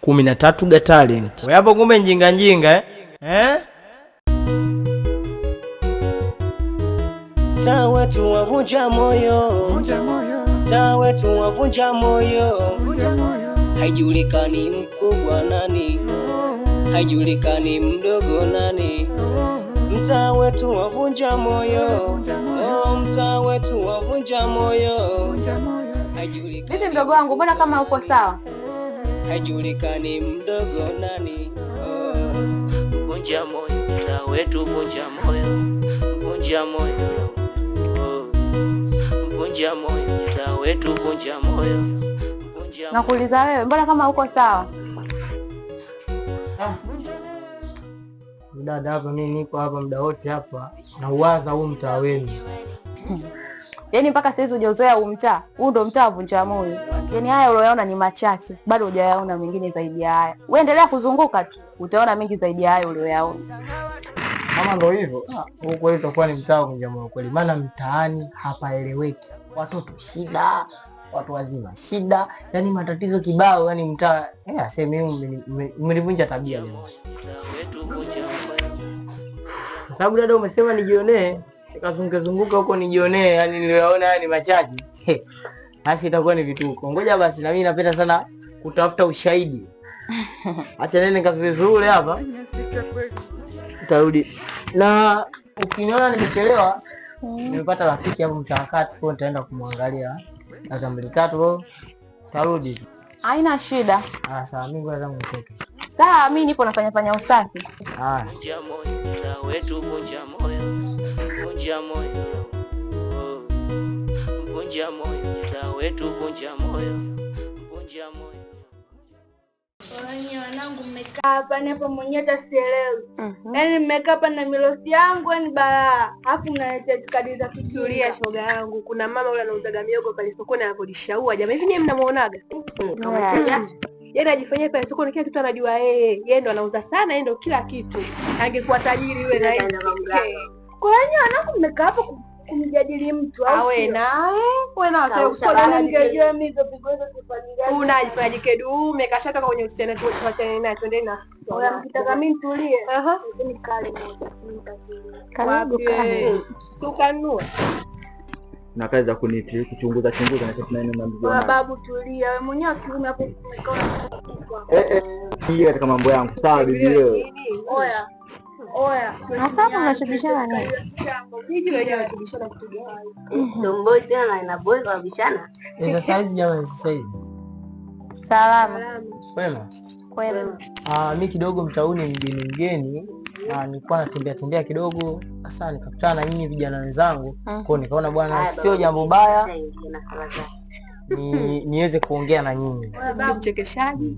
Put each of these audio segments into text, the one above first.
kumi na tatu ga talent. Wewe hapo kumbe njinga njinga eh? Eh? Tawe tuwavunja wavunja moyo. Tawe tuwavunja wavunja moyo. Haijulikani mkubwa nani? Oh. Haijulikani mdogo nani? Oh. Mtaa wetu wavunja moyo. Oh, mtaa wetu wavunja moyo. Vipi mdogo wangu, mbona kama uko sawa? haijulikani mdogo nani. Oh, moyo mtaa wetu, vunja moyo, moyo, moyo wetu, vunja moyo. Nakuuliza wewe, mbona kama uko sawa? Dada hapa, mimi niko hapa muda wote hapa, nauwaza huu mtaa wenu yani mpaka saizi ujauzoea huu mtaa, huu ndo mtaa vunja moyo. Yani haya ulioyaona ni machache, bado ujayaona mengine zaidi ya haya. uendelea kuzunguka tu, utaona mengi zaidi ya haya ulioyaona. Kama ndo hivyo huu kweli utakuwa ni mtaa wavunja moyo kweli, maana mtaani hapaeleweki, watoto shida, watu wazima shida, yani matatizo kibao, yani mtaa eh, aseme mmelivunja tabia, kwa sababu dada umesema nijionee nikazungukazunguka huko nijionee, yani niliyoona haya ni machache basi itakuwa ni vituko. Ngoja basi, na mimi napenda sana kutafuta ushahidi. Acha nene kazi nikazurule hapa, tarudi na ukiniona nimechelewa, nimepata rafiki hapo mchakati, kwa nitaenda kumwangalia dakika mbili tatu, tarudi. Haina shida. Ah, sawa, mimi ngoja zangu nitoke. Sawa, mimi nipo nafanya fanya usafi. Ah vunja moyo, vunja moyo, mtaa wetu vunja moyo, vunja moyo. Wanangu, mmekaa hapa mwenyewe mhm. Yaani mmekaa hapa na milosi yangu ni yaani balaa, alafu za kutulia. Shoga yangu, kuna mama yule anauzaga miogo pale sokoni anakodisha jamaa, hivi nyie mnamuonaga? pale sokoni kila kitu anajua yeye, yeye ndo anauza sana, yeye ndo kila kitu. Angekuwa tajiri wewe na yeye kwa nini wanangu mmekaa hapo kumjadili mtu awe naye unajifanya jikedume kashatoka kwenye usichana, tuachane naye, twendeni na mkitaka mimi nitulie, tukanua na kazi za kuniti kuchunguza chunguza na kitu nani mambo yangu babu, tulia wewe mwenyewe kiume hapo, umekaa eh, eh, katika mambo yangu sawa, bibi wewe. Oya. Hapa unashibishana nini? Eh, jamani, Salama. Kwema. Kwema. Ah, mimi kidogo mtauni mgeni mgeni ah, nilikuwa natembea tembea kidogo, sasa nikakutana na nyinyi vijana wenzangu ah. kwao, nikaona bwana, ah, sio jambo baya ni niweze kuongea na nyinyi. Mchekeshaji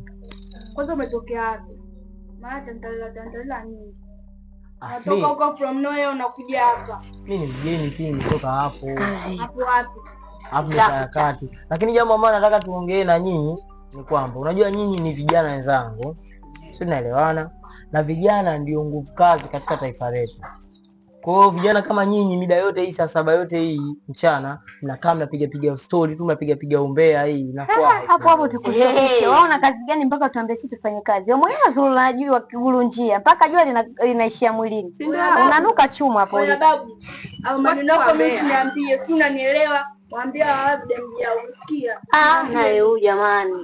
kwanza, umetokea wapi? maana nyingi Natoka ah, huko from nowhere unakuja hapa. Mimi ni mgeni pia nitoka hapo. Hapo wapi? Hapo kati. Lakini jambo ambalo nataka tuongee na nyinyi ni kwamba unajua nyinyi ni vijana wenzangu. Sio, naelewana na vijana ndio nguvu kazi katika taifa letu. Kwa hiyo vijana kama nyinyi, mida yote hii saa saba yote hii mchana mnakaa mnapiga piga story tu mnapiga piga umbea hii kwa eh, hapo hapo. Tukusomeshe wao na kazi gani mpaka tuambie sisi tufanye kazi? Wewe mwenyewe zuri unajua kiguru njia mpaka jua linaishia mwilini, unanuka chuma hapo. au maneno yako mimi niambie, unanielewa Mwambia huyu ah, jamani,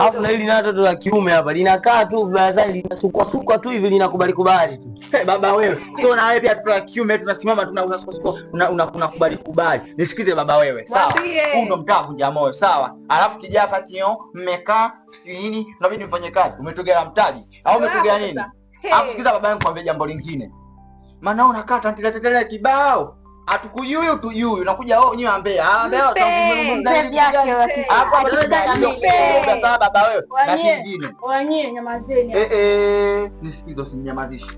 alafu na hili nato la kiume hapa linakaa tu barazani linasukwa sukwa tu hivi linakubali kubali tu. Baba wewe, sio na wewe pia tu kiume tunasimama tunakubali kubali. Nisikize baba wewe, sawa, huyu ndo mtaa vunja moyo, sawa. Alafu kijafa kio mmekaa nini, unabidi mfanye kazi. Umetogea mtaji au umetogea nini? Alafu sikiza baba yangu, kwambia jambo lingine, maana unakaa tantilatetelea kibao atukuyuyu tuyuyu nakuja wewe oh, unyewe ambea ah hapo baba baba wewe na kingine wanyie eh eh nisikizo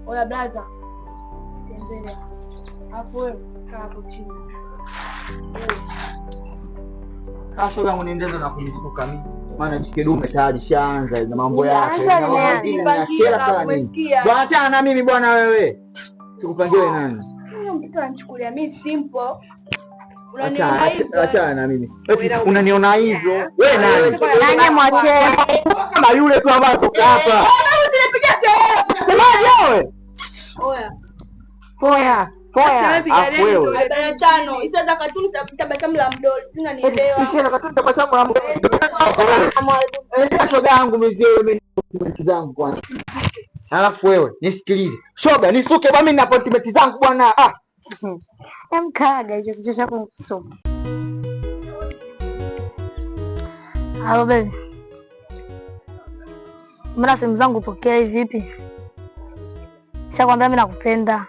oya hapo wewe kaa hapo chini Kasho ah, yangu niendeza na kumzunguka mimi. Maana kidume tayari shaanza na mambo yake. Bwana na mimi bwana wewe. Sikupangiwe nani? huyu mtoto anachukulia mimi simple. Unaniona hivyo? nani? Nani yule tu ambaye toka hapa. Semaje wewe? Oya. Oya. Shoga yangu zangu bwana. Alafu wewe nisikilize shoga, nisuke bwana, mimi na appointment zangu bwana. Ah emkhaga hicho kichwa chako nikisoma. Halo baby, mbona simu zangu upokea hivi vipi? Shakwambia mimi nakupenda,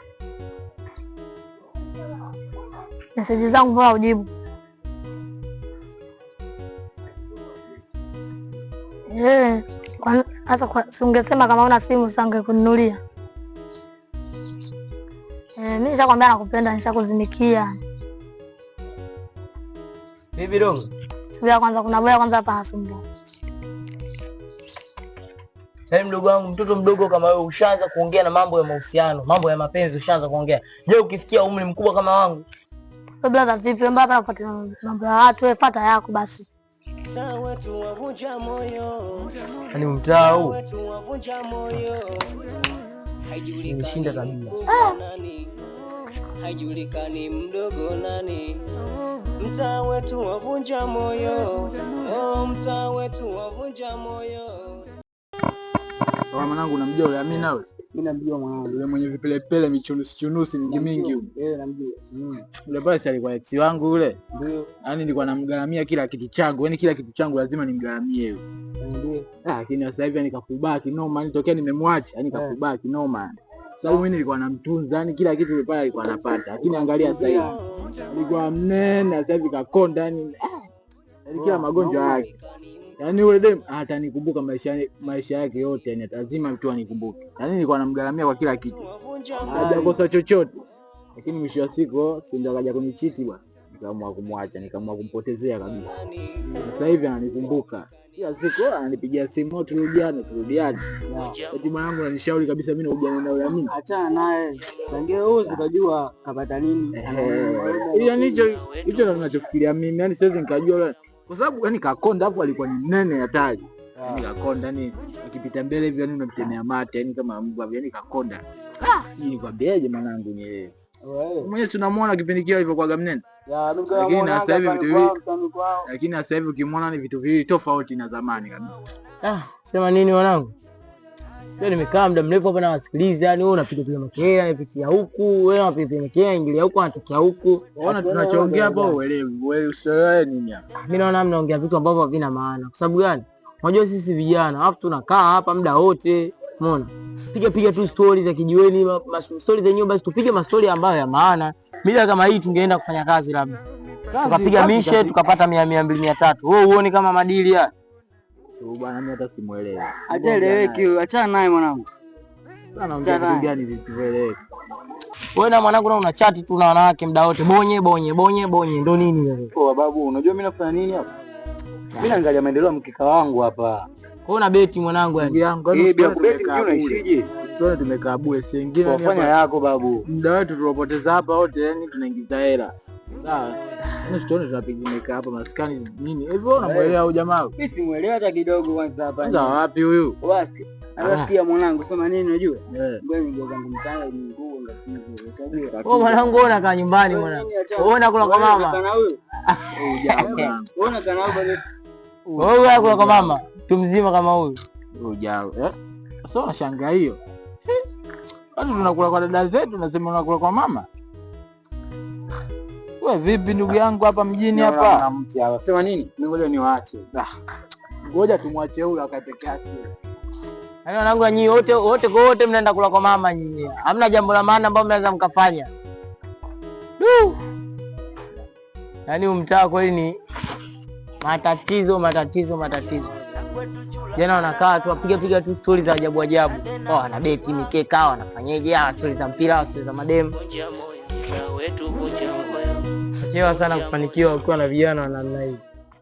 meseji zangu mbona ujibu? Hata kwa, si ungesema kama una simu sange mimi eh, nishakwambia nakupenda, nishakuzimikia. Bibi Dong. Subia kwanza, kuna boya kwanza hapa hasumbua. Hey, mdogo wangu, mtoto mdogo kama wewe ushaanza kuongea na mambo ya mahusiano, mambo ya mapenzi ushaanza kuongea. Je, ukifikia umri mkubwa kama wangu Blaza vipi? Mbona ufuate mambo ya watu? fata yako basi. Mtaa wetu wavunja moyo. Yaani mtaa huu. Haijulikani mkubwa ah! nani, haijulikani mdogo nani. Mtaa wetu wavunja moyo, oh, mtaa wetu wavunja moyo. Mwanangu, namjua yule Amina wewe? Mimi namjua mwanangu yule mwenye vipelepele michunusi chunusi mingi mingi. Yeye namjua. Mm. Yule basi alikuwa ex wangu yule. Ndio. Yaani nilikuwa namgaramia kila kitu changu, yaani kila kitu changu lazima nimgaramie yule. Ah, lakini sasa hivi nikakubaki noma, nitokea nimemwacha nikakubaki eh. noma, sababu mimi nilikuwa namtunza, yani kila kitu nilipata alikuwa anapata, lakini angalia sasa hivi alikuwa mnene, sasa hivi kakonda, yani ah, kila magonjwa yake yani ule dem ah, atanikumbuka maisha maisha yake yote, yani lazima mtu anikumbuke. yani nilikuwa namgaramia kwa kila kitu, hajakosa chochote, lakini mwisho wa siku sindo akaja kunichiti bwana, nikaamua kumwacha, nikaamua kumpotezea kabisa. Sasa hivi ananikumbuka. Kila siku ananipigia simu, turudiane, turudiane. Hatima yangu nanishauri kabisa, mimi naujana na yule mimi, achana naye tangia wewe utajua kapata nini. Yani hicho hicho ndio ninachofikiria mimi, yani siwezi nikajua yule, kwa sababu yani kakonda, afu alikuwa ni nene hatari ah. yani kakonda, yani ukipita mbele hivi, yani unamtemea mate, yani kama mbwa, yani kakonda. Ah, sijui nikwambieje mwanangu, ni yeye mwenyewe tunamwona kipindi kile alivyokuwa mnene lakini sasa hivi ukimwona ni vitu viwili tofauti na zamani kabisa. Ah, sema nini mwanangu? Sio, nimekaa muda mrefu hapa na nawasikiliza, yani wewe unapiga piga makea, anapitia huku, wewe unapiga pia makea, ingilia huku, anatokea huku. Unaona tunachoongea hapa uelewi, wewe usielewe nini hapa? Ah, mimi naona mnaongea vitu ambavyo havina maana. Kwa sababu gani? Unajua sisi vijana, afu tunakaa hapa muda wote, umeona? Piga piga tu stories za kijiweni, ma ma stories za nyumba, tupige ma stories ambayo ya maana. Mida kama hii tungeenda kufanya kazi labda tukapiga mishe tukapata mia mia mbili mia tatu. Wewe uone kama madili ya bwana, mimi hata simuelewi. Acha eleweki, achana naye mwanangu. Wewe na mwanangu na una unachati tu na wanawake muda wote, bonye bonye bonye bonye, ndo nini wewe? Kwa babu, unajua mimi nafanya nini hapa? Mimi naangalia maendeleo ya mkeka wangu hapa. Kwa hiyo na beti mwanangu, yani. Eh, yaani bila kubeti unaishije? tuone tumekaa bure, si wengine fanya yako babu, muda wetu tuliopoteza hapa wote, yani tunaingiza hela sawa. Yaani tuone tunapiga mekaa hapa maskani nini hivyo, unamwelewa au jamaa? Mimi simuelewi hata kidogo. Kwanza hapa ndio wapi huyu wake Anasikia ah. mwanangu, soma nini unajua. Eh. Ngoja Oh mwanangu, ona kaa nyumbani mwanangu. Ona kula kwa mama. Ah. Ona kula kwa mama. mzima kama huyu. Ujao. Eh? Sasa unashangaa hiyo. Kwani unakula kwa dada zetu, nasema unakula kwa mama. We vipi ndugu yangu hapa mjini hapa? Sema nini? Ngoja niwaache. Ah. Ngoja tumwache huyu akapeke yake. Hayo wanangu nyinyi wote wote kwa wote mnaenda kula kwa mama nyinyi. Hamna jambo la maana ambalo mnaweza mkafanya. Du. Yaani umtaa kweli ni matatizo matatizo matatizo. Jana yaani wanakaa tu wapiga piga tu stori za ajabu ajabu, oh, wanabeti mikeka, wanafanyaje, ah, stori za mpira, stori za mademu. Chewa sana kufanikiwa ukiwa na vijana wa namna hii.